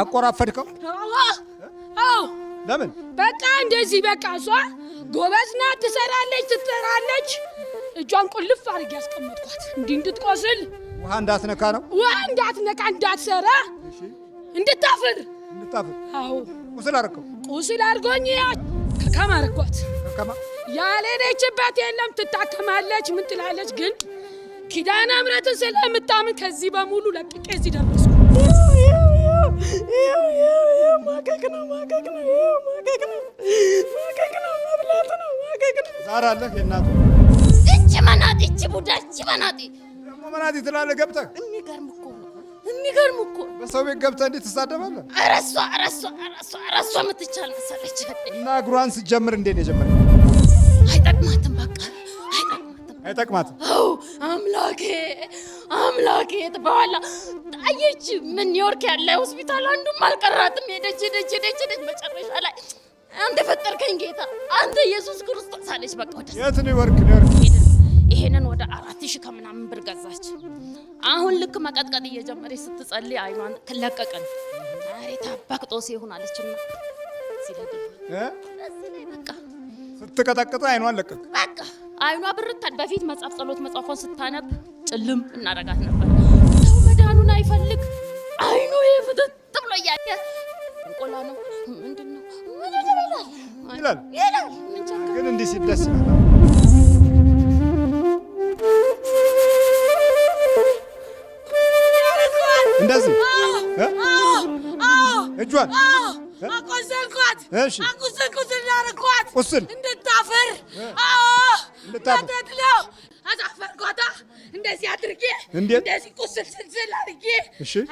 አቆራፈድከው? አዎ። ለምን? በቃ እንደዚህ በቃ እሷ ጎበዝ ናት፣ ትሰራለች፣ ትጠራለች። እጇን ቁልፍ አድርጌ ያስቀመጥኳት እንዲህ እንድትቆስል ውሃ እንዳትነካ ነው። ውሃ እንዳትነካ፣ እንዳትሰራ፣ እንድታፍር እንድታፍር። አዎ። ቁስል አድርገው ቁስል አድርጎኝ ከከማ አድርጓት። ያልሄደችበት የለም። ትታከማለች፣ ምን ትላለች ግን ኪዳነ ምሕረትን ስለምታምን ከዚህ በሙሉ ለቅቄ እዚህ ደረሱ። ማቀቅ ነው ማቀቅ ነው ማቀቅ ነው ማቀቅ ነው መብላት ነው ማቀቅ ነው። ዛር አለህ የእናትህ እች መናጢ እች ቡዳ እች መናጢ ደግሞ መናጢ ትላለህ ገብተህ። የሚገርም እኮ የሚገርም እኮ በሰው ቤት ገብተህ እንዴት ትሳደባለህ? ኧረ እሷ ኧረ እሷ ኧረ እሷ የምትቻል መሰለች። እና እግሯን ስትጀምር እንዴት ነው የጀመረው? አይጠቅማትም በቃ አይጠቅማትም አይጠቅማትም። አምላኬ አምላኬ የት በኋላ አየች። ምን ኒውዮርክ ያለ ሆስፒታል አንዱም አልቀራትም። ሄደች ሄደች ሄደች ሄደች። መጨረሻ ላይ አንተ ፈጠርከኝ ጌታ፣ አንተ ኢየሱስ ክርስቶስ አለች። በቃ ወደ የት ኒውዮርክ ኒውዮርክ ይሄንን ወደ አራት ሺህ ከምናምን ብር ገዛች። አሁን ልክ መቀጥቀጥ እየጀመረች ስትጸልይ አይኗን ለቀቀን። ዛሬ ታባቅጦስ ይሁን አለችና ስትቀጠቅጠ አይኗን ለቀቅ በቃ አይኗ ብርታ በፊት መጽሐፍ ጸሎት መጽሐፏን ስታነብ ጭልም እናረጋት ነበር። ሰው መዳኑን አይፈልግ አይኑ ይፍጥጥ ብሎ እያየ እንቆላ ነው ምንድነው ይላል ግን እንዲህ ሲል ደስ ይላል። እጇን አቆሰልኳት፣ ቁስል ቁስል ላረኳት እንድታፍር አሳፈርኳታ። እንደዚህ አድርጌ እንደዚህ ቁስል ስልስል አድርጌ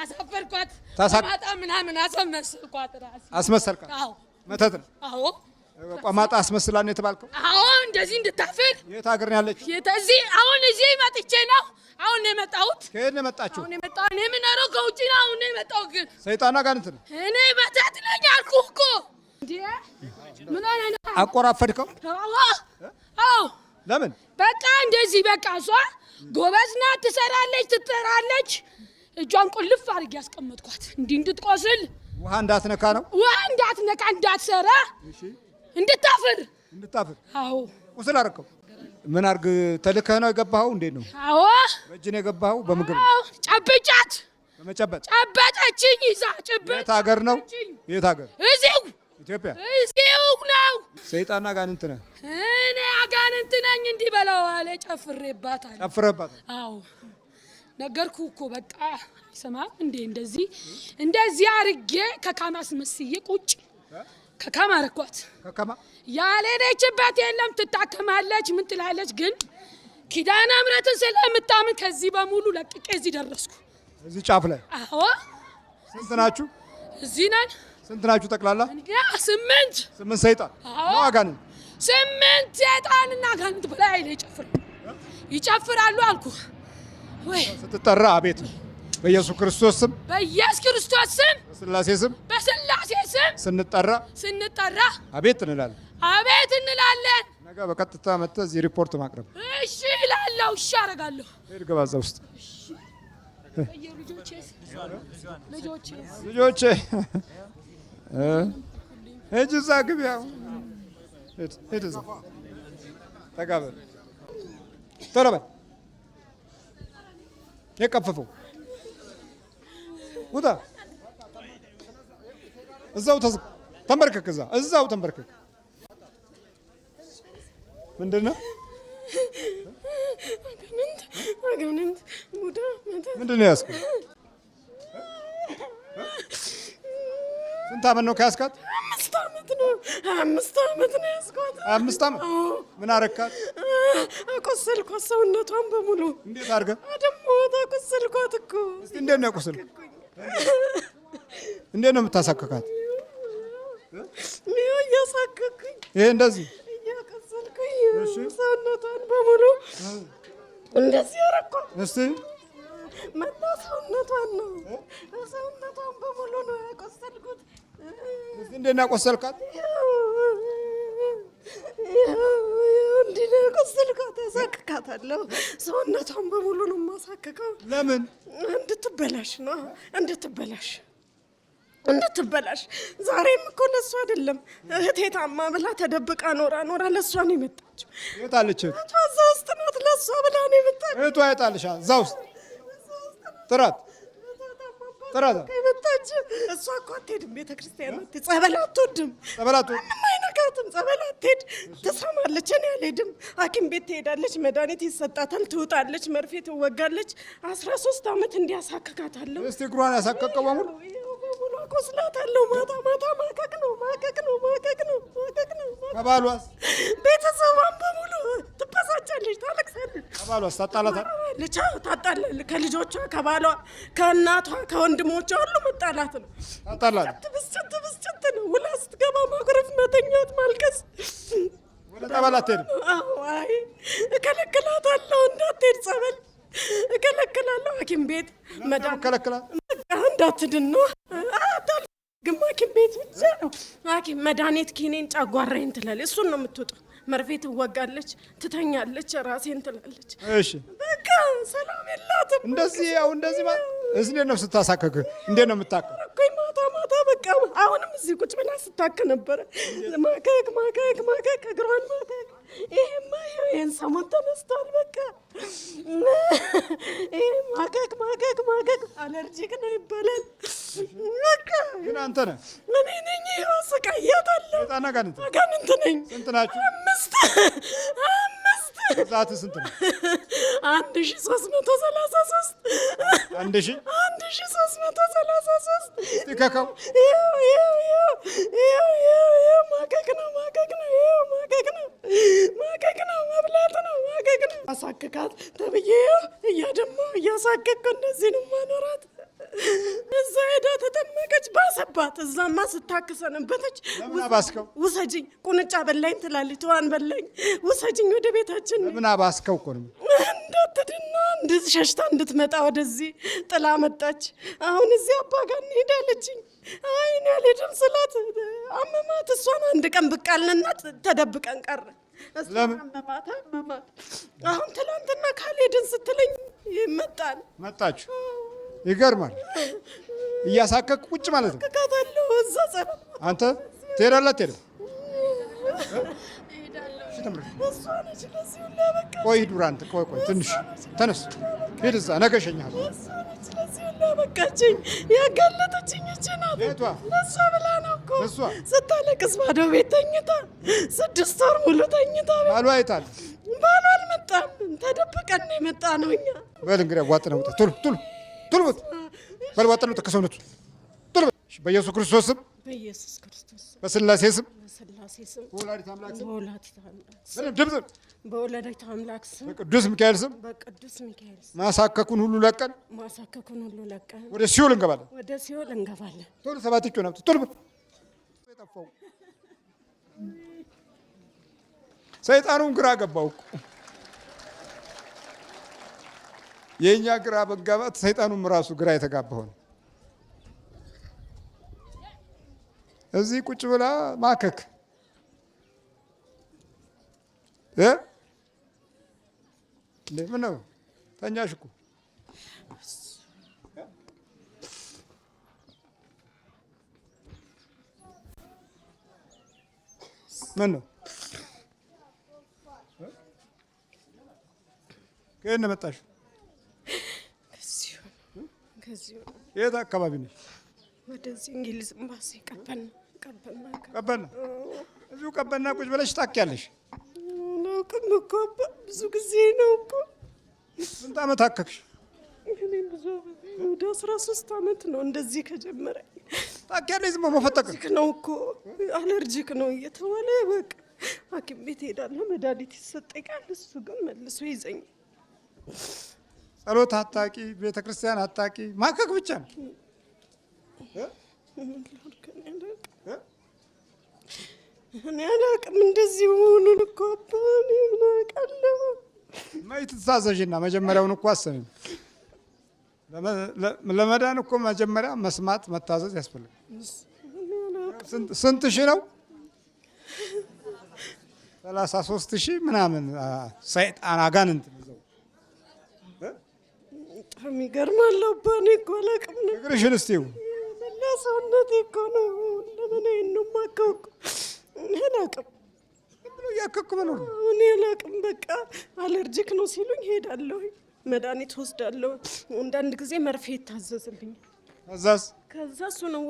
አሳፈርኳት። ቆማጣ ምናምን አስመሰልኳት። እራሴ አስመሰልኳት። መተት ነው። አዎ ቆማጣ አስመስላ የተባልከው? አዎ እንደዚህ እንድታፍር። የት ሀገር ነው ያለችው? እዚህ አሁን እዚህ መጥቼ ነው አሁን የመጣሁት። ከየት ነው የመጣችሁ? አሁን የመጣሁ እኔ የምኖረው ከውጭ ነው። አሁን ነው ግን ሰይጣን አጋንንት ነው። እኔ መተት ነኝ አልኩህ እኮ። እንዴ ምን ሆነህ ነው? አቆራፈድከው? አዎ አዎ ለምን በቃ እንደዚህ በቃ እሷ ጎበዝ ናት፣ ትሰራለች፣ ትጠራለች። እጇን ቁልፍ አድርጌ ያስቀመጥኳት እንዲህ እንድትቆስል ውሃ እንዳትነካ ነው። ውሃ እንዳትነካ፣ እንዳትሰራ፣ እንድታፍር እንድታፍር። አዎ ቁስል አርከው ምን አርግ ተልከህ ነው የገባኸው? እንዴት ነው? አዎ በእጅ ነው የገባኸው። በምግብ ጨብጫት፣ በመጨበጥ ጨበጠችኝ። ይዛ ጭብጥ። የት ሀገር ነው? የት ሀገር? እዚሁ ኢትዮጵያ እስኪው ነው ሰይጣን አጋንንት ነህ። እኔ አጋንንት ነኝ። እንዲህ በለዋል። ጨፍሬባታል። ጨፍሬባታል። አዎ ነገርኩ እኮ በቃ ስማ፣ እንዴ እንደዚህ እንደዚህ አርጌ ከካማስ አስመስዬ ቁጭ ከካማ አረኳት። ከካማ ያልሄደችበት የለም። ትታከማለች፣ ምን ትላለች። ግን ኪዳነ ምሕረትን ስለምታምን ከዚህ በሙሉ ለቅቄ እዚህ ደረስኩ። እዚህ ጫፍ ላይ አዎ። ስንት ናችሁ? እዚህ ነን ስንት ናችሁ ጠቅላላ? ስምንት ስምንት ሰይጣን ነው አጋንንት ስምንት ሰይጣንና አጋንንት በላይ ይጨፍራሉ ይጨፍራሉ አልኩ ወይ ስትጠራ አቤት ነው። በኢየሱስ ክርስቶስ ስም በኢየሱስ ክርስቶስ ስም በስላሴ ስም በስላሴ ስም ስንጠራ ስንጠራ አቤት እንላለን አቤት እንላለን። ነገ በቀጥታ መጥተህ እዚህ ሪፖርት ማቅረብ እሺ እላለሁ። እሺ አደርጋለሁ። ሄድ ገባ እዛ ውስጥ ልጆቼ ሂጂ እዛ ግቢ። ሂድ እዛ ጠጋ ቶሎ በል። የቀፈፈው ውጣ። እዛው ተንበርከክ። እዛ እዛው ተንበርከክ። ምንድን ነው ምንድን ነው ያዝኩት? ስንት ዓመት ነው ከያዝካት? አምስት አመት ነው። አምስት አመት ነው ያዝኳት። አምስት አመት ምን አረካት? አቆሰልኳት፣ ሰውነቷን በሙሉ። እንዴት አድርገህ? አደማሁት፣ አቆሰልኳት እኮ። እስቲ እንዴት ነው ያቆሰል? እንዴት ነው የምታሳከካት? ይኸው እያሳከኩኝ፣ ይሄ እንደዚህ እያቆሰልኩኝ፣ ሰውነቷን በሙሉ እንደዚህ አረኳት። እስቲ መላ ሰውነቷን ነው ሰውነቷን በሙሉ ነው ያቆሰልኩት። እንዴት ነው ያቆሰልካት? እንዲህ ሰውነቷን በሙሉ ነው የማሳክከው። ለምን? እንድትበላሽ ነው እንድትበላሽ እንድትበላሽ ዛሬም እኮ አይደለም እህቴ ታማ ብላ ተደብቃ ኖራ ኖራ ለእሷ ነው የመጣችው። እህቷ? እዛ ውስጥ ናት። ለእሷ ብላ ነው የመጣችው። እህቷ እዛ ውስጥ ጥራት ጥረት ከመጣች እሷ እኮ አትሄድም፣ ቤተክርስቲያን አትሄድ፣ ጸበል አትወድም፣ ጸበል አትወድም፣ አይነካትም፣ ጸበል አትሄድ። ትሰማለች፣ እኔ አልሄድም። ሐኪም ቤት ትሄዳለች፣ መድኃኒት ይሰጣታል፣ ትውጣለች፣ መርፌ ትወጋለች። አስራ ሶስት ዓመት እንዲያሳክካታለሁ። እስቲ እግሯን ያሳከቀው በሙሉ ቆስላታለሁ። ማታ ማታ ማቀቅ ነው ማቀቅ ነው ማቀቅ ነው ማቀቅ ነው። ከባሏስ ቤተሰቧን በሙሉ ትበሳጫለች፣ ታለቅሳለች። ከባሏስ ታጣላለች፣ ታጣላለች። ከልጆቿ ከባሏ፣ ከእናቷ፣ ከወንድሞቿ ሁሉ መጣላት ነው። ታጣላለች። ብስጭት ብስጭት ነው። ውላ ስትገባ ማጉረፍ፣ መተኛት፣ ማልቀስ ወደ ጸበል አትሄድም? አይ እከለክላታለሁ፣ እንዳትሄድ ጸበል እከለክላለሁ። ሐኪም ቤት መድኃኒት እንዳትድን ነው። ግማ ሐኪም ቤት ብቻ ነው ሐኪም መድኃኒት ኪኔን ጨጓራዬን ትላለች። እሱን ነው የምትወጣው። መርፌ ትወጋለች፣ ትተኛለች፣ ራሴን ትላለች። እሺ በቃ ሰላም የላትም። እንደዚህ ያው እንደዚህ ማ እንዴት ነው ስታሳከክ? እንዴት ነው የምታከክ? ማታ ማታ በቃ አሁንም እዚህ ቁጭ ብላ ስታክ ነበረ። ማከክ ማከክ ማከክ እግሯን ማከክ። ይሄማ ይሄን ሰሞን ተነስቷል። በቃ ይሄ ማከክ ማከክ ማከክ አለርጂክ ነው ይባላል። ግን አንተ ነህ እኔ ነኝ አሰቃያታለሁ። ህፃና ጋንንት ነኝ። ስንት ናችሁ? አምስት አምስት። ብዛት ስንት ነው? አንድ ሺ ሶስት መቶ ሰላሳ ሶስት አንድ ሺ አንድ ሺ ሶስት መቶ ሰላሳ ሶስት ማቀቅ ነው ማቀቅ ነው ማቀቅ ነው ማቀቅ ነው መብላት ነው ማቀቅ ነው። አሳክካት ተብዬ እያደማ እያሳከቅኩ እንደዚህ ነው ማኖራት እዛ ሄዳ ተጠመቀች፣ ባሰባት። እዛማ ባስከው ውሰጅኝ፣ ቁንጫ በላኝ ትላለች፣ ተዋን በላኝ፣ ውሰጅኝ ወደ ቤታችን። ምን ባስከው እኮ ነው እንዳትድና እንድ ሸሽታ እንድትመጣ ወደዚህ ጥላ መጣች። አሁን እዚህ አባ ጋር እንሄዳለችኝ። አይ እኔ ስላት አመማት። እሷን አንድ ቀን ብቃልንና ተደብቀን ቀረ። አመማት አመማት። አሁን ትናንትና ካልሄድን ስትለኝ መጣን መጣችሁ ይገርማል። እያሳከክ ቁጭ ማለት ነው። አንተ ትሄዳለህ አትሄድም? ቆይ ሂድ ቆይ ቆይ ትንሽ ተነስ ሂድ እዛ ነገ እሸኝሃለሁ። ያጋለጠችኝ ነው ስታለቅስ ባዶ ቤት ተኝታ ስድስት ወር ሙሉ ተኝታ ባሏ አይታል። አልመጣም፣ ተደብቀን የመጣ ነው እኛ። በል እንግዲህ ቶሎ ቶሎ ጡልቡት፣ በልቧ ጥሉት ከሰውነቱ ጡልቡት። በኢየሱስ ክርስቶስ ስም፣ በስላሴ ስም፣ በወላዲተ አምላክ ስም፣ በወላዲተ አምላክ ስም፣ በቅዱስ ሚካኤል ስም ማሳከኩን ሁሉ ለቀን ወደ ሲኦል እንገባለን፣ ወደ ሲኦል እንገባለን። ቶሎ ሰባት እጩ ናብት ጡልቡት። ሰይጣኑን ግራ ገባው እኮ የእኛ ግራ መጋባት ሰይጣኑም ራሱ ግራ የተጋባሆነ እዚህ ቁጭ ብላ ማከክ ምን ነው ተኛሽ እኮ ምን ነው ከየት ነው መጣሽው? የት አካባቢ ነሽ? ወደዚህ እንግሊዝ ኤምባሲ ቀበና ቀበና። እዚሁ ቀበና ቁጭ ብለሽ ታውቂያለሽ? አላውቅም እኮ ብዙ ጊዜ ነው እኮ። ስንት ዓመት አከክሽ? ወደ አስራ ሶስት አመት ነው እንደዚህ ከጀመረ። ታውቂያለሽ? ዝም መፈጠቅ ነው እኮ አለርጂክ ነው እየተባለ በቃ ሐኪም ቤት ሄዳለሁ መድኃኒት ይሰጠኛል። እሱ ግን መልሶ ይዘኛል። ጸሎት አታቂ፣ ቤተ ክርስቲያን አታቂ፣ ማከክ ብቻ ነው። እኔ አላቅም እንደዚህ መሆኑን እኮ አባኔ ምናቀለሁ መይት ትታዘዥና መጀመሪያውን እኮ አሰሚ ለመዳን እኮ መጀመሪያ መስማት መታዘዝ ያስፈልጋል። ስንት ሺ ነው? ሰላሳ ሶስት ሺህ ምናምን ሰይጣን አጋንንት የሚገርማል አባ እኔ እኮ አላውቅም ነው እግርሽን እስቲው ለሰውነቴ እኮ ነው ለምን ይህኑ ማከውኩ አላውቅም እያከኩ መኖር እኔ አላውቅም በቃ አለርጂክ ነው ሲሉኝ ሄዳለሁ መድኃኒት ወስዳለሁ አንዳንድ ጊዜ መርፌ ይታዘዝልኝ ከዛስ ከዛ እሱ ነው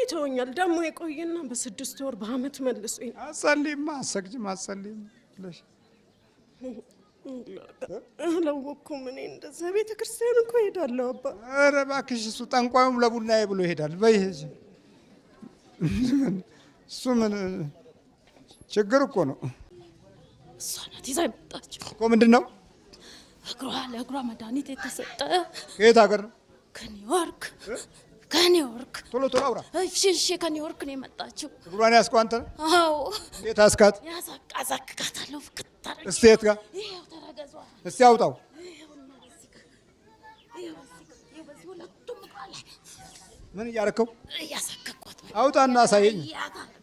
ይተወኛል ደግሞ የቆየና በስድስት ወር በአመት መልሶ አጸልይማ አሰግጅም አጸልይም አላወቅኩም። እኔ እንደዛ ቤተ ክርስቲያን እኮ እሄዳለሁ። አባ ኧረ እባክሽ፣ እሱ ጠንቋዩም ለቡናዬ ብሎ ይሄዳል። በይ እሱ ምን ችግር እኮ ነው። እሷ ናት ይዛ የመጣችው እኮ። ምንድን ነው እግሯ ለእግሯ መድኃኒት የተሰጠ ከየት ሀገር ነው? ከኒውዮርክ ከኒውዮርክ ቶሎ ቶሎ አውራ። እሺ እሺ፣ ከኒውዮርክ ነው የመጣችው። እግሯን ያስቆ አንተ። አዎ፣ እንዴት አስካት? ያሳቅ አሳክካታለሁ። ፍቅት ታረግ። እስቲ የት ጋር? ይሄው ተረገዟ። እስቲ አውጣው። ምን እያደረከው? እያሳከኳት። አውጣና አሳየኝ።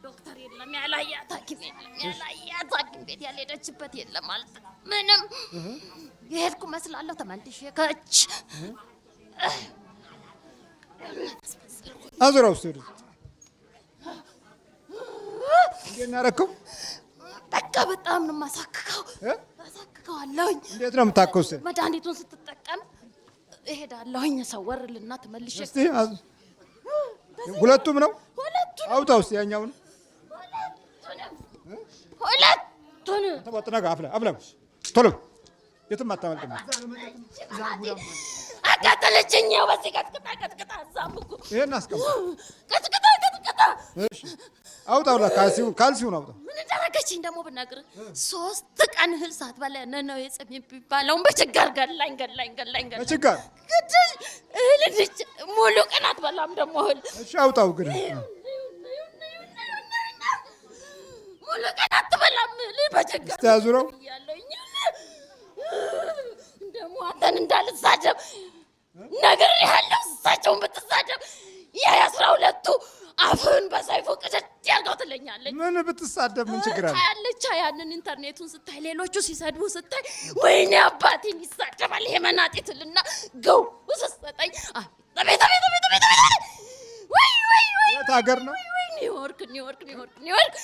ዶክተር የለም ያላያት ሐኪም የለም ያላያት ሐኪም ቤት ያልሄደችበት የለም ማለት ምንም የሄድኩ መስላለሁ። ተመንድሼ ከች አዙራው ስሩ እናረከው በቃ በጣም ነው የማሳክከው። አሳክከዋለሁኝ። እንዴት ነው የምታከው? መድኃኒቱን ስትጠቀም እሄዳለሁኝ። ሰወርልና ትመልሽ። ሁለቱም ነው አውጣ ውስጥ ነው ሁለቱንም አፍላ አፍላ ቶሎ የትም አታመልጥም። አቃጠለችኝ። ያው በዚህ ቀጥቅጣ ቀጥቅጣ አዛምኩ። ይሄን አስቀምጥ፣ ቀጥቅጣ ቀጥቅጣ። እሺ አውጣው፣ ካልሲውን ካልሲውን አውጣው። ምን እንዳረገችኝ ደግሞ ብናገር፣ ሶስት ቀን እህል ሳትበላ ነው የጽም የሚባለውን በችጋር ገላኝ ገላኝ ገላኝ ገላኝ፣ በችጋር ግድል እህል ልጅ ሙሉ ቀን አትበላም ደግሞ እህል። እሺ አውጣው፣ ግን ሙሉ ቀን አትበላም እህል በችጋር ያዙረው ደግሞ አንተን እንዳልሳደብ ነገር ያለው እሳቸውን ብትሳደብ የአስራ ሁለቱ አፍን በሰይፉ ቅደድ ያርገው ትለኛለች። ምን ብትሳደብ ምን ችግር አለ? ያለቻ ያንን ኢንተርኔቱን ስታይ ሌሎቹ ሲሰድቡ ስታይ ወይኔ አባቴን ይሳደባል ይሄ መናጤ ትልና ገው ስሰጠኝ ቤት ወይ ወይ ወይ ነው? ኒውዮርክ ኒውዮርክ ኒውዮርክ ኒውዮርክ።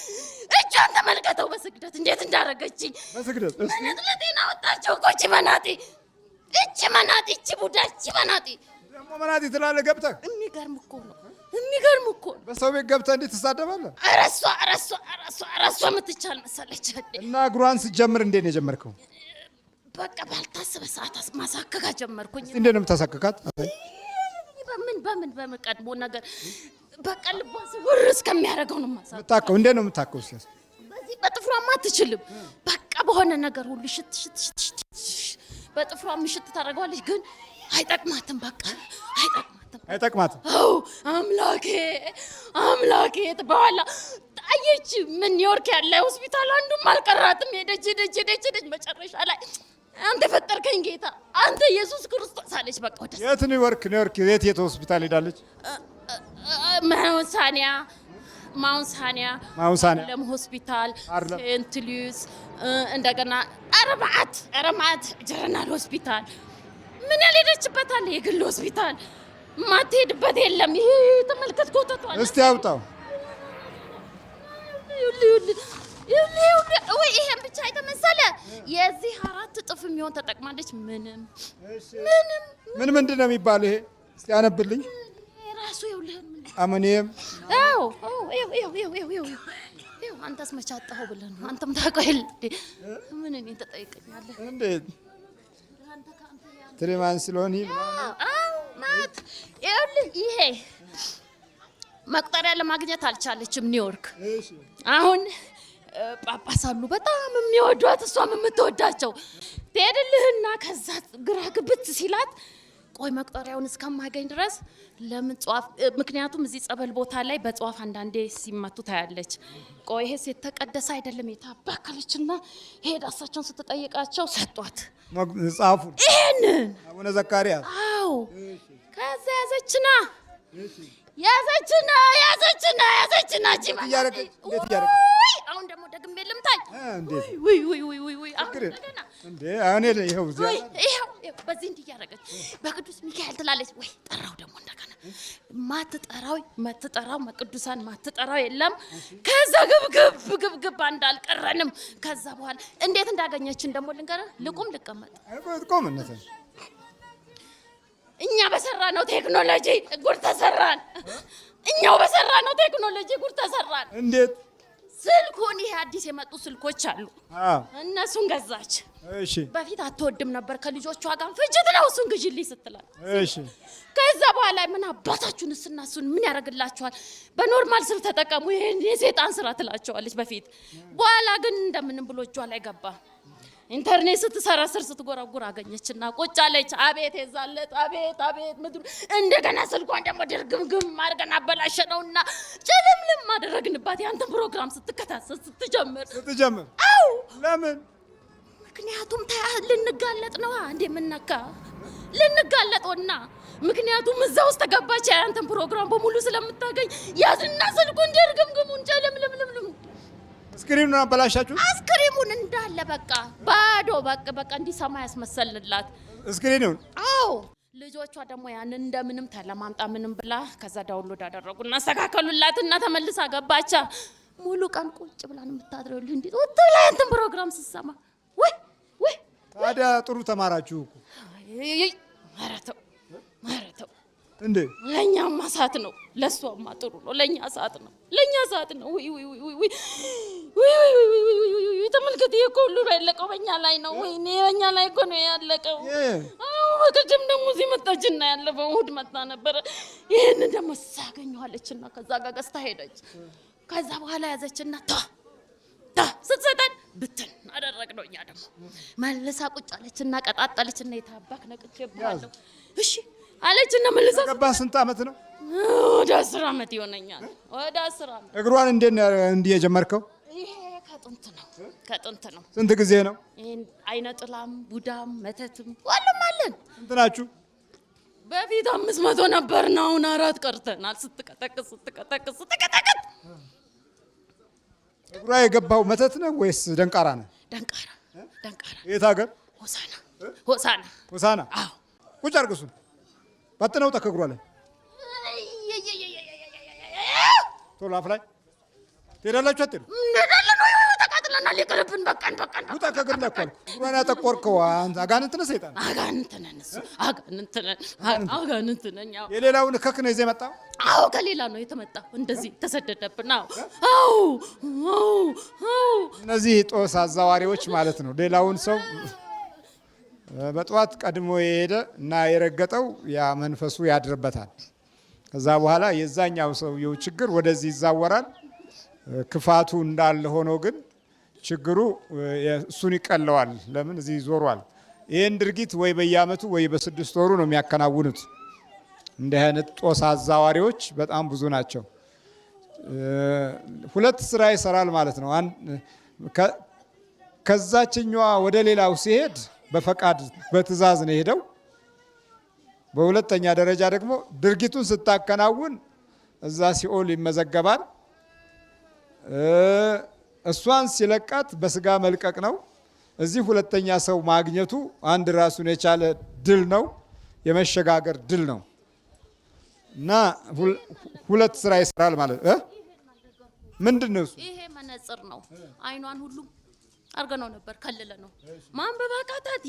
ተመልከተው በስግደት እንዴት እንዳረገችኝ በስግደት ኮቺ እች መናጢ፣ እች ቡዳ፣ እች መናጢ ደግሞ መናጢ ትላለህ ገብተህ። የሚገርም እኮ ነው፣ የሚገርም እኮ በሰው ቤት ገብተህ እንዴት ትሳደባለህ? ኧረ እሷ ኧረ እሷ ኧረ እሷ የምትቻል መሰለች። እና እግሯን ስትጀምር እንዴት ነው የጀመርከው? በቃ ባልታሰበ ሰዓት ማሳከካ ጀመርኩኝ። እንዴት ነው የምታሳከካት? በምን በምን በምን ቀድሞ ነገር በቃ ልቧን ስውር እስከሚያደርገው ነው ማሳከካ። የምታውቀው እንዴት ነው የምታውቀው? በዚህ በጥፍሯማ አትችልም። በቃ በሆነ ነገር ሁሉ ሽት ሽት ሽት በጥፍሯ ምሽት ታደርገዋለች፣ ግን አይጠቅማትም። በቃ አይጠቅማትም፣ አይጠቅማትም። አምላኬ አምላኬ ትበኋላ አየች። ምን ኒውዮርክ ያለ ሆስፒታል አንዱም አልቀራትም። ሄደች ሄደች ሄደች ሄደች። መጨረሻ ላይ አንተ ፈጠርከኝ ጌታ፣ አንተ ኢየሱስ ክርስቶስ አለች። በቃ ወደ የት ኒውዮርክ ኒውዮርክ የት የት ሆስፒታል ሄዳለች መሳኒያ ማውንሳኒያ ለም ሆስፒታል፣ ሴንት ሉዊስ እንደገና ረማዓት ረማዓት ጀረናል ሆስፒታል ምን ያልሄደችበታል የግል ሆስፒታል ማትሄድበት የለም። ይሄ ተመልከት ኮተቷል። እስቲ አውጣው። ይሄን ብቻ የተመሰለ የዚህ አራት እጥፍ የሚሆን ተጠቅማለች። ምንም ምንም ምን ምንድን ነው የሚባለው? ይሄ እስቲ አነብልኝ። ራሱ ይኸውልህ አሞኒየም ይኸው ይኸው አንተስ መቼ አጣኸው ብለህ ነው? አንተም ታውቀው የለ ምን እኔን ትጠይቀኛለህ? እንዴት ትሪማን ስለሆነ ናት። ይኸውልህ ይሄ መቁጠሪያ ለማግኘት አልቻለችም ኒውዮርክ። አሁን ጳጳስ አሉ በጣም የሚወዷት እሷም የምትወዳቸው ትሄድልህና ከዛ ግራ ግብት ሲላት ቆይ መቁጠሪያውን እስከማገኝ ድረስ ለምን ጧፍ? ምክንያቱም እዚህ ጸበል ቦታ ላይ በጧፍ አንዳንዴ ሲመቱ ታያለች። ቆይ ይሄ የተቀደሰ አይደለም የታባከለችና ሄዳ እሳቸውን ስትጠይቃቸው ሰጧት መጽሐፉን ይሄንን አቡነ ዘካርያስ። አዎ ከዛ ያዘችና ያዘችና ያዘችና ያዘችና አሁን ደግሞ ደግሜ ልምታኝ በዚህ እንዲህ እያደረገች በቅዱስ ሚካኤል ትላለች ወይ ጠራው ደግሞ እንደገና ማትጠራው ማትጠራው መቅዱሳን ማትጠራው የለም። ከዛ ግብግብ ግብግብ አንድ አልቀረንም። ከዛ በኋላ እንዴት እንዳገኘችን ደግሞ ልንገርህ። ልቁም ልቀመጥ እኛ በሰራ ነው ቴክኖሎጂ ጉድ ተሰራን። እኛው በሰራ ነው ቴክኖሎጂ ጉድ ተሰራን። እንዴት ስልኩን ይሄ አዲስ የመጡ ስልኮች አሉ እነሱን ገዛች። በፊት አትወድም ነበር ከልጆቿ ጋር ፍጅት ነው እሱን ግዢልኝ ስትላል። ከዛ በኋላ ምን አባታችሁን እስና እሱን ምን ያደርግላችኋል? በኖርማል ስልክ ተጠቀሙ፣ ይሄን የሴጣን ስራ ትላቸዋለች በፊት። በኋላ ግን እንደምንም ብሎ እጇ ላይ ገባ። ኢንተርኔት ስትሰራ ስር ስትጎረጉር አገኘችና ቁጭ አለች። አቤት የዛለት አቤት አቤት ምድሩ። እንደገና ስልኳን ደግሞ ድርግምግም አድርገን አበላሸ ነውና ጭልምልም አደረግንባት። ያንተን ፕሮግራም ስትከታተል ስትጀምር ስትጀምር አው ለምን ምክንያቱም ልንጋለጥ ነዋ እንደምናካ ልንጋለጠውና ምክንያቱም እዛ ውስጥ ተገባች ያንተን ፕሮግራም በሙሉ ስለምታገኝ ያዝና ስልኩ እንዲርግምግሙ እንደርግምግሙን ጨለምልምልምልም አስክሪሙን አበላሻችሁ። አስክሪሙን እንዳለ በቃ ባዶ በቃ በቃ እንዲሰማ ያስመሰልላት አስክሪሙን። አዎ ልጆቿ ደግሞ ያንን እንደምንም ተለማምጣ ምንም ብላ ከዛ ዳውንሎድ አደረጉ እና ተመልሳ ገባቻ። ሙሉ ቀን ቁጭ ብላን የምታድረው ልንዲ ወጥላ ያንተን ፕሮግራም ስሰማ ታዲያ ጥሩ ተማራችሁ እኮ። ኧረ ተው ኧረ ተው እንዴ! ለእኛማ ሰዓት ነው፣ ለእሷማ ጥሩ ነው። ለእኛ ሰዓት ነው፣ ለእኛ ሰዓት ነው። ተመልከት፣ ይሄ እኮ ሁሉ ያለቀው በእኛ ላይ ነው። ወይኔ በእኛ ላይ እኮ ነው ያለቀው። በቀደም ደግሞ እዚህ መጣችና ያለፈው እሑድ መጣ ነበረ። ይህን ደግሞ ሳገኘዋለችና ከዛ ጋር ገዝታ ሄደች። ከዛ በኋላ ያዘችና ተዋ ስትሰጠን ብትን አደረግነው። እኛ ደግሞ መልሳ ቁጭ አለችና ቀጣጠለችና የታባክ ነቅቼብሃለሁ እሺ አለችና መልሳ ገባ። ስንት አመት ነው? ወደ አስር አመት ይሆነኛል። ወደ አስር አመት እግሯን እንዴት እንዲህ የጀመርከው? ከጥንት ነው፣ ከጥንት ነው። ስንት ጊዜ ነው? አይነ ጥላም ቡዳም መተትም ሁሉም አለን። ስንት ናችሁ? በፊት አምስት መቶ ነበር ነው፣ አሁን አራት ቀርተናል። ስትቀጠቅስ ስትቀጠቅስ ስትቀጠቅስ እግሯ የገባው መተት ነው ወይስ ደንቃራ ነው? ደንቃራ ደንቃራ። የት ሀገር? ሆሳና ሆሳና ሆሳና። አዎ ቁጭ አድርግ እሱን ባጥነው ጠቅ እግሯ ላይ ቶሎ አፍ ላይ ትሄዳላችሁ። አትሄዱ ተቃጥለናል። ይቅርብን። በቃን በቃን። ውጣ ከግር ላይ እኮ አልኩ። እግሯን ያጠቆርከው አንተ አጋንንት ነህ፣ ሰይጣን አጋንንት ነህ፣ እሱ አጋንንት ነህ፣ አጋንንት ነህ። የሌላውን ከክ ነው ይዘህ የመጣው አዎ ከሌላ ነው የተመጣው። እንደዚህ ተሰደደብን። አዎ እነዚህ ጦስ አዛዋሪዎች ማለት ነው። ሌላውን ሰው በጠዋት ቀድሞ የሄደ እና የረገጠው ያ መንፈሱ ያድርበታል። ከዛ በኋላ የዛኛው ሰውየው ችግር ወደዚህ ይዛወራል። ክፋቱ እንዳለ ሆኖ ግን ችግሩ እሱን ይቀለዋል። ለምን እዚህ ይዞሯል። ይህን ድርጊት ወይ በየአመቱ ወይ በስድስት ወሩ ነው የሚያከናውኑት። እንዲህ አይነት ጦስ አዛዋሪዎች በጣም ብዙ ናቸው። ሁለት ስራ ይሰራል ማለት ነው። ከዛችኛዋ ወደ ሌላው ሲሄድ በፈቃድ በትዕዛዝ ነው ሄደው በሁለተኛ ደረጃ ደግሞ ድርጊቱን ስታከናውን እዛ ሲኦል ይመዘገባል። እሷን ሲለቃት በስጋ መልቀቅ ነው። እዚህ ሁለተኛ ሰው ማግኘቱ አንድ ራሱን የቻለ ድል ነው፣ የመሸጋገር ድል ነው። እና ሁለት ስራ ይሰራል ማለት ምንድን ነው እሱ? ይሄ መነጽር ነው። አይኗን ሁሉ አርገ ነው ነበር ከልለ ነው ማንበብ አቃታት።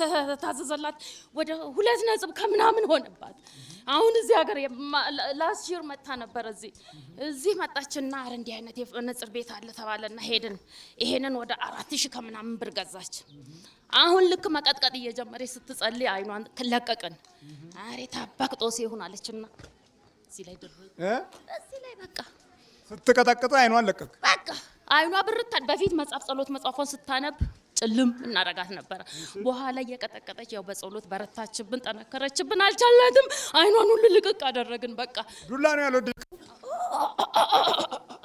የተታዘዘላት ወደ ሁለት ነጥብ ከምናምን ሆነባት። አሁን እዚህ ሀገር ላስት ይር መታ ነበር። እዚህ እዚህ መጣችና አረ እንዲህ አይነት የመነጽር ቤት አለ ተባለና ሄድን። ይሄንን ወደ አራት ሺህ ከምናምን ብር ገዛች። አሁን ልክ መቀጥቀጥ እየጀመረ ስትጸልይ አይኗን ለቀቅን። አሬ ታባክ ጦሴ ይሁን አለችና እዚህ ላይ ድር እዚህ ላይ በቃ ስትቀጠቅጥ አይኗን ለቀቅ በቃ አይኗ ብርታ። በፊት መጽሐፍ ጸሎት መጽሐፏን ስታነብ ጭልም እናረጋት ነበረ። በኋላ እየቀጠቀጠች ያው በጸሎት በረታችብን፣ ጠነከረችብን፣ አልቻላትም። አይኗን ሁሉ ልቅቅ አደረግን። በቃ ዱላ ነው ያለው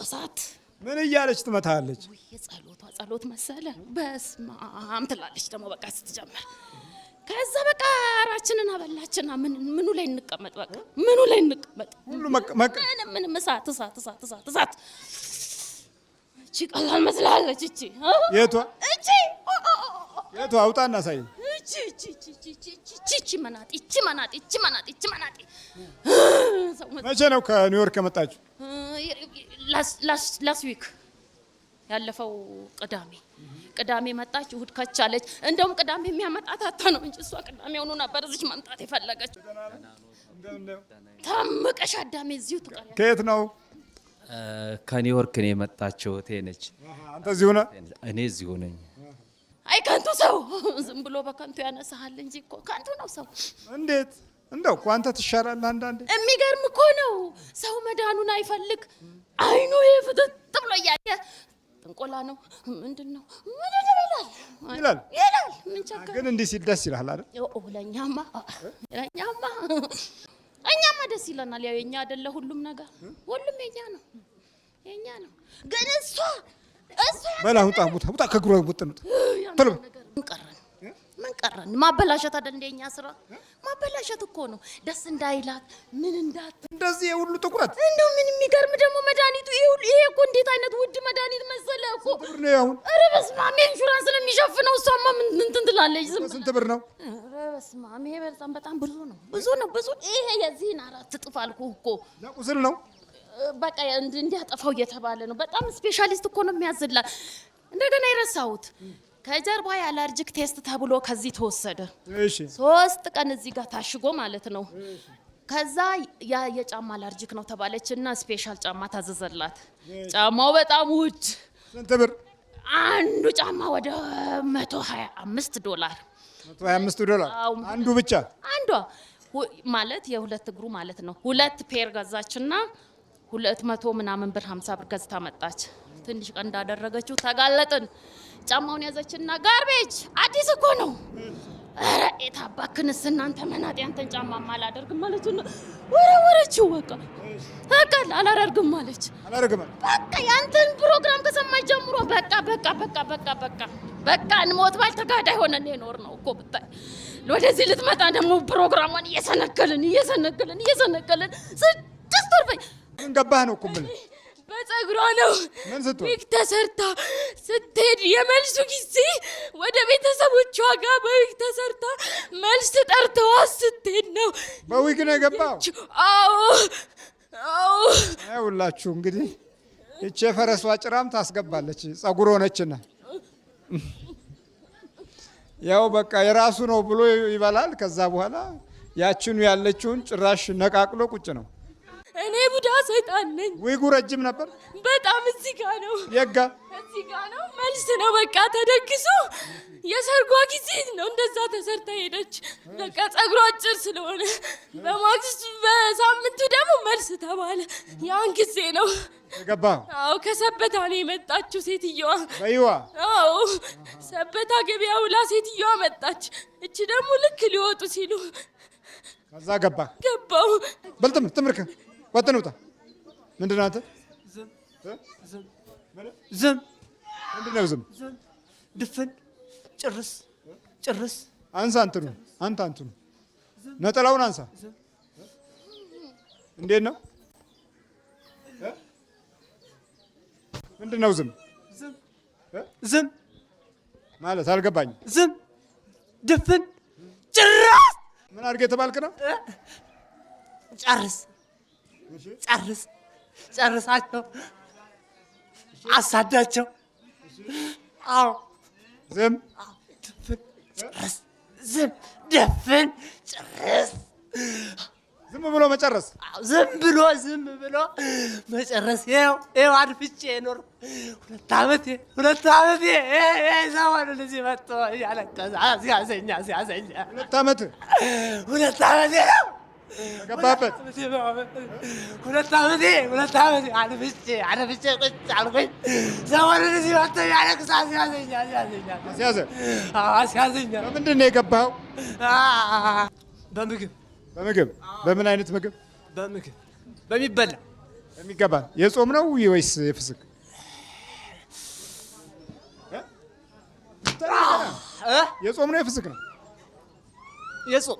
እሳት ምን እያለች ትመታለች? የጸሎቷ ጸሎት መሰለ። በስማም ትላለች ደግሞ በቃ ስትጀምር። ከዛ በቃ አራችንን አበላችና ምኑ ላይ እንቀመጥ? በቃ ምኑ ላይ እንቀመጥ? ምንም እሳት እሳት እሳት እሳት እሳት። እቺ ቀላል መስላለች። እቺ የቷ እቺ የቷ? አውጣና ሳይ እቺ መናጢ እቺ መናጢ እቺ መናጢ እቺ መናጢ። መቼ ነው ከኒውዮርክ የመጣችሁ? ላስት ዊክ ያለፈው ቅዳሜ ቅዳሜ መጣች፣ እሁድ አለች እንደውም ቅዳሜ የሚያመጣት ነው እንጂ እሷ ቅዳሜ ሆኖ ነበር እዚች መምጣት የፈለገች። ታምቀሽ አዳሜ እዚሁ ትቀር። ከየት ነው? ከኒውዮርክ ነው የመጣችው። እቴ ነች። አንተ እዚሁ ነህ? እኔ እዚሁ ነኝ። አይ ከንቱ ሰው ዝም ብሎ በከንቱ ያነሳሃል እንጂ እኮ ከንቱ ነው ሰው እንዴት እንደው እኮ አንተ ትሻላለህ። አንዳንዴ የሚገርም እኮ ነው። ሰው መዳኑን አይፈልግ አይኑ ፍጥጥ ብሎ እያየ ጥንቆላ ነው ምንድን ነው ይላል ይላል። ይላል። ግን እንዲህ ሲል ደስ ይላል አይደል? ለእኛማ ለእኛማ እኛማ ደስ ይለናል። ያው የኛ አይደለ ሁሉም ነገር ሁሉም የኛ ነው የኛ ነው። ግን እሷ እሷ በላ ውጣ ውጣ ከእግሯ ውጥኑት ምን ቀረን? ማበላሸት አይደል እንደኛ ስራ ማበላሸት እኮ ነው። ደስ እንዳይላት ምን እንዳት እንደዚህ የሁሉ ትኩረት እንደው ምን የሚገርም ደግሞ መድኃኒቱ ይሄ እኮ እንዴት አይነት ውድ መድኃኒት መሰለ እኮ አሁን። ኧረ በስመ አብ ኢንሹራንስ ነው የሚሸፍነው። እሷማ እንትን ትላለች። ዝም ስንት ብር ነው? ኧረ በስመ አብ ይሄ በጣም በጣም ብዙ ነው፣ ብዙ ነው፣ ብዙ ይሄ የዚህን አራት እጥፍ አልኩህ እኮ ለቁስል ነው በቃ እንዲያጠፋው እየተባለ ነው። በጣም ስፔሻሊስት እኮ ነው የሚያዝላት። እንደገና የረሳሁት ከጀርባ የአለርጂክ ቴስት ተብሎ ከዚህ ተወሰደ። ሶስት ቀን እዚህ ጋር ታሽጎ ማለት ነው። ከዛ ያ የጫማ አለርጂክ ነው ተባለች እና ስፔሻል ጫማ ታዘዘላት። ጫማው በጣም ውድ ስንት ብር? አንዱ ጫማ ወደ 125 ዶላር 25 ዶላር አንዱ ብቻ አንዷ ማለት የሁለት እግሩ ማለት ነው። ሁለት ፔር ገዛችና ሁለት መቶ ምናምን ብር 50 ብር ገዝታ መጣች። ትንሽ ቀን እንዳደረገችው ተጋለጥን። ጫማውን ያዘችና ጋርቤጅ አዲስ እኮ ነው። ኧረ የታባክንስ እናንተ መናጤ አንተን ጫማማ አላደርግም ማለት ነው። ወረወረችው። በቃ በቃ አላደርግም ማለች በቃ ያንተን ፕሮግራም ከሰማች ጀምሮ በቃ በቃ በቃ በቃ በቃ በቃ እንሞት ባል ተጋዳይ ሆነን የኖር ነው እኮ ብታይ ወደዚህ ልትመጣ ደግሞ ፕሮግራሟን እየሰነከልን እየሰነከልን እየሰነከልን ስድስት ወር በይ ገባህ ነው እኮ የምልህ በፀጉሯ ነው ዊግ ተሰርታ ስትሄድ የመልሱ ጊዜ ወደ ቤተሰቦቿ ጋር በዊግ ተሰርታ መልስ ጠርተዋ ስትሄድ ነው። በዊግ ነው የገባው። አዎ አዎ። እንግዲህ ይቼ ፈረሷ ጭራም ታስገባለች። ጸጉር ያው በቃ የራሱ ነው ብሎ ይበላል። ከዛ በኋላ ያችኑ ያለችውን ጭራሽ ነቃቅሎ ቁጭ ነው ሰይጣን ነኝ። ዊጉ ረጅም ነበር በጣም እዚህ ጋ ነው የጋ እዚህ ጋ ነው መልስ ነው በቃ ተደግሶ የሰርጓ ጊዜ ነው እንደዛ ተሰርታ ሄደች። በቃ ጸጉሯ አጭር ስለሆነ በማግስቱ በሳምንቱ ደግሞ መልስ ተባለ። ያን ጊዜ ነው ገባ። አዎ ከሰበታ ነው የመጣችው ሴትዮዋ በይዋ። አዎ ሰበታ ገበያ ውላ ሴትዮዋ መጣች። እች ደግሞ ልክ ሊወጡ ሲሉ ከዛ ገባ ገባው በል ትምህርት ወጥን ውጣ ምንድን ነው አንተ? ዝም ምንድን ነው ዝም? ድፍን ጭርስ ጭርስ። አንሳ እንትኑ አንተ እንትኑ ነጠላውን አንሳ። እንዴት ነው ምንድን ነው ዝም ዝም ማለት አልገባኝም። ዝም ድፍን ጭራስ ምን አድርገህ የተባልክ ነው? ጨርስ ጨርስ ጨርሳቸው፣ አሳዳቸው። አዎ ዝም ጨርስ፣ ዝም ደፍን፣ ጨርስ። ዝም ብሎ መጨረስ፣ ዝም ብሎ ዝም ብሎ መጨረስ። ይኸው ይኸው አድፍቼ ኖር ሁለት ዓመት ሁለት ዓመት ሰሆን እዚህ መጥቶ እያለቀሰ ሲያሰኛ ሲያሰኛ ሁለት ዓመት ሁለት ዓመት ነው ገባበት ሁለት ዓመቴ ሁለት ዓመቴ አልፍቼ አልፍቼ ቁጭ አልኩኝ። ዘመኑ እዚህ ወጥቶ ያለቅስ አስያዘኝ አስያዘኝ አስያዘ በምንድን ነው የገባኸው? በምግብ በምግብ በምን አይነት ምግብ? በምግብ በሚበላ በሚገባ። የጾም ነው ወይስ የፍስክ? የጾም ነው የፍስክ ነው? የጾም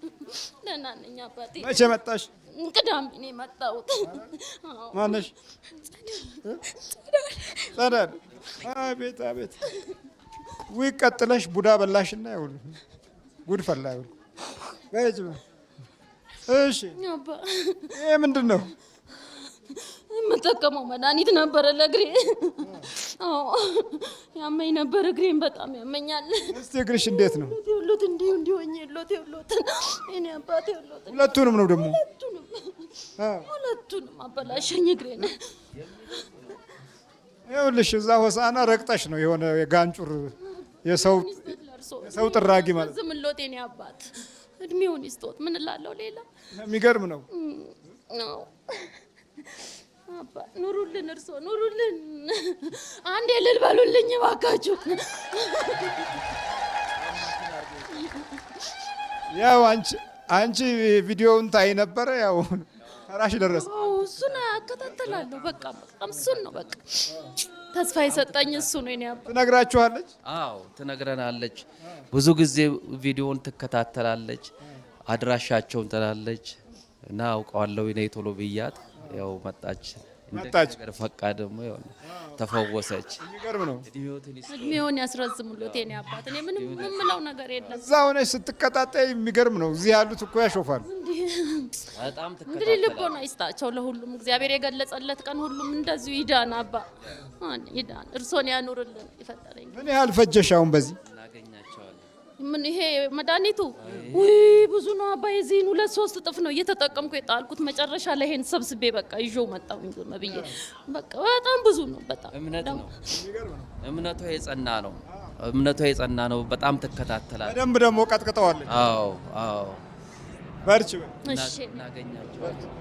ደህና ነኝ አባቴ። መቼ መጣሽ? ቅዳሜ ነው የመጣሁት። ማነሽ? ጸዳል። አቤት አቤት። ውይ ቀጥለሽ ቡዳ በላሽና ጉድ ፈላ ይሁሉ። እሺ ይሄ ምንድን ነው? የምጠቀመው መድኃኒት ነበረ ለእግሬ። አዎ ያመኝ ነበር፣ እግሬን በጣም ያመኛል። እስቲ እግርሽ እንዴት ነው? እንዲሁ እንዲሆኝ እኔ ሁለቱንም ነው ደግሞ ሁለቱንም አበላሸኝ እግሬን። ይኸውልሽ እዛ ሆሳና ረግጠሽ ነው የሆነ የጋንጩር የሰው ጥራጊ ማለት ዝም ሎት የኔ አባት እድሜውን ይስጦት። ምን ሌላ የሚገርም ነው ኑሩልን፣ እርሶ ኑሩልን፣ አንድ የልል በሉልኝ እባካችሁ። ያው አንቺ አንቺ ቪዲዮውን ታይ ነበረ ያው ራሽ ደረሰ። እሱን አከታተላለሁ። በቃ በጣም እሱን ነው በቃ ተስፋ የሰጠኝ እሱ ነው። እኔ አባ ትነግራችኋለች። አዎ ትነግረናለች። ብዙ ጊዜ ቪዲዮውን ትከታተላለች፣ አድራሻቸውን ትላለች እና አውቀዋለሁ እኔ ቶሎ ብያት ያው መጣች መጣች ፈቃ ደግሞ ተፈወሰች። የሚገርም ነው። እድሜውን ያስረዝሙልዎት የኔ አባት። እኔ ምንም የምለው ነገር የለም። እዛ ሆነሽ ስትቀጣጣይ የሚገርም ነው። እዚህ ያሉት እኮ ያሾፋሉ። እንግዲህ ልቦና ይስጣቸው ለሁሉም። እግዚአብሔር የገለጸለት ቀን ሁሉም እንደዚሁ ይዳን። አባ ይዳን፣ እርሶን ያኑርልን። ይፈጠረኝ ምን ያህል ፈጀሽ አሁን በዚህ ምን ይሄ መድኃኒቱ ውይ ብዙ ነው አባዬ። እዚህን ሁለት ሶስት እጥፍ ነው እየተጠቀምኩ የጣልኩት። መጨረሻ ላይ ይሄን ሰብስቤ በቃ ይዤው መጣሁኝ ዝም ብዬ በቃ። በጣም ብዙ ነው። በጣም እምነት ነው። እምነቱ የጸና ነው። እምነቷ የጸና ነው። በጣም ትከታተላለች። በደንብ ደግሞ ቀጥቅጠዋለች። አዎ አዎ። በርች እሺ እናገኛቸው